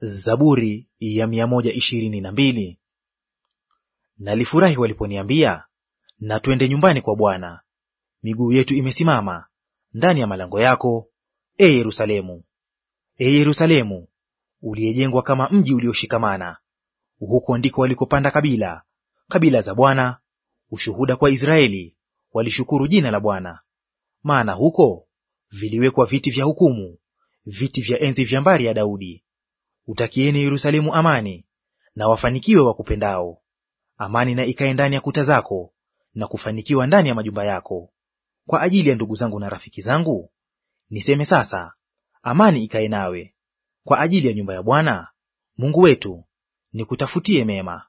Zaburi ya mia moja ishirini na mbili. Nalifurahi waliponiambia na twende nyumbani kwa Bwana. Miguu yetu imesimama ndani ya malango yako, e Yerusalemu. E Yerusalemu, uliyejengwa kama mji ulioshikamana, huko ndiko walikopanda kabila kabila za Bwana, ushuhuda kwa Israeli, walishukuru jina la Bwana. Maana huko viliwekwa viti vya hukumu, viti vya enzi vya mbari ya Daudi. Utakieni Yerusalemu amani, na wafanikiwe wa kupendao Amani na ikae ndani ya kuta zako, na kufanikiwa ndani ya majumba yako. Kwa ajili ya ndugu zangu na rafiki zangu niseme sasa, amani ikae nawe. Kwa ajili ya nyumba ya Bwana Mungu wetu nikutafutie mema.